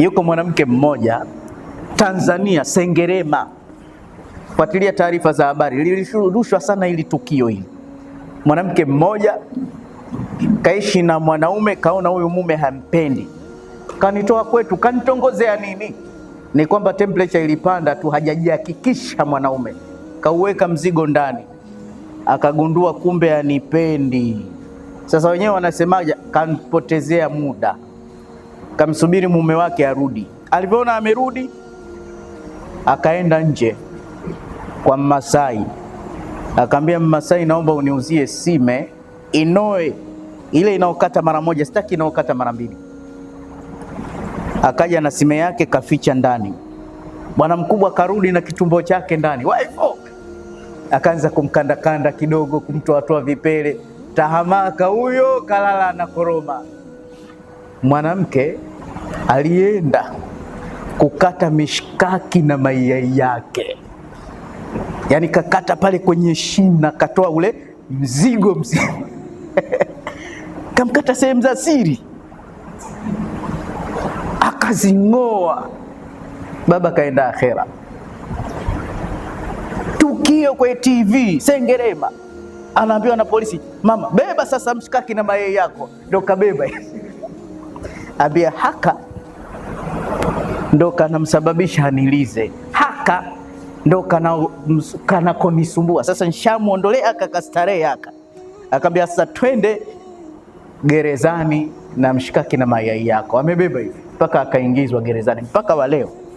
Yuko mwanamke mmoja Tanzania, Sengerema, fuatilia taarifa za habari, lilirushwa sana ili tukio hili. Mwanamke mmoja kaishi na mwanaume, kaona huyu mume hampendi, kanitoa kwetu, kanitongozea nini? Ni kwamba temperature ilipanda tu, hajajihakikisha mwanaume, kauweka mzigo ndani, akagundua kumbe anipendi. Sasa wenyewe wanasemaje? Kanipotezea muda kamsubiri mume wake arudi. Alivyoona amerudi, akaenda nje kwa Mmasai, akaambia Mmasai, naomba uniuzie sime inoe ile inaokata mara moja, sitaki inaokata mara mbili. Akaja na sime yake kaficha ndani. Bwana mkubwa karudi na kitumbo chake ndani, waifo akaanza kumkandakanda kidogo, kumtoatoa vipele. Tahamaka huyo kalala na koroma mwanamke alienda kukata mishkaki na mayai yake, yaani kakata pale kwenye shina, katoa ule mzigo mzima kamkata sehemu za siri, akazing'oa. Baba kaenda akhera. Tukio kwe TV Sengerema, anaambiwa na polisi, mama beba sasa mshikaki na mayai yako, ndo kabeba abia haka ndo kanamsababisha anilize, haka ndo kanakonisumbua sasa. Nshamwondolea haka kastarehe haka, akaambia sasa twende gerezani na mshikaki na mayai yako. Amebeba hivi mpaka akaingizwa gerezani mpaka waleo.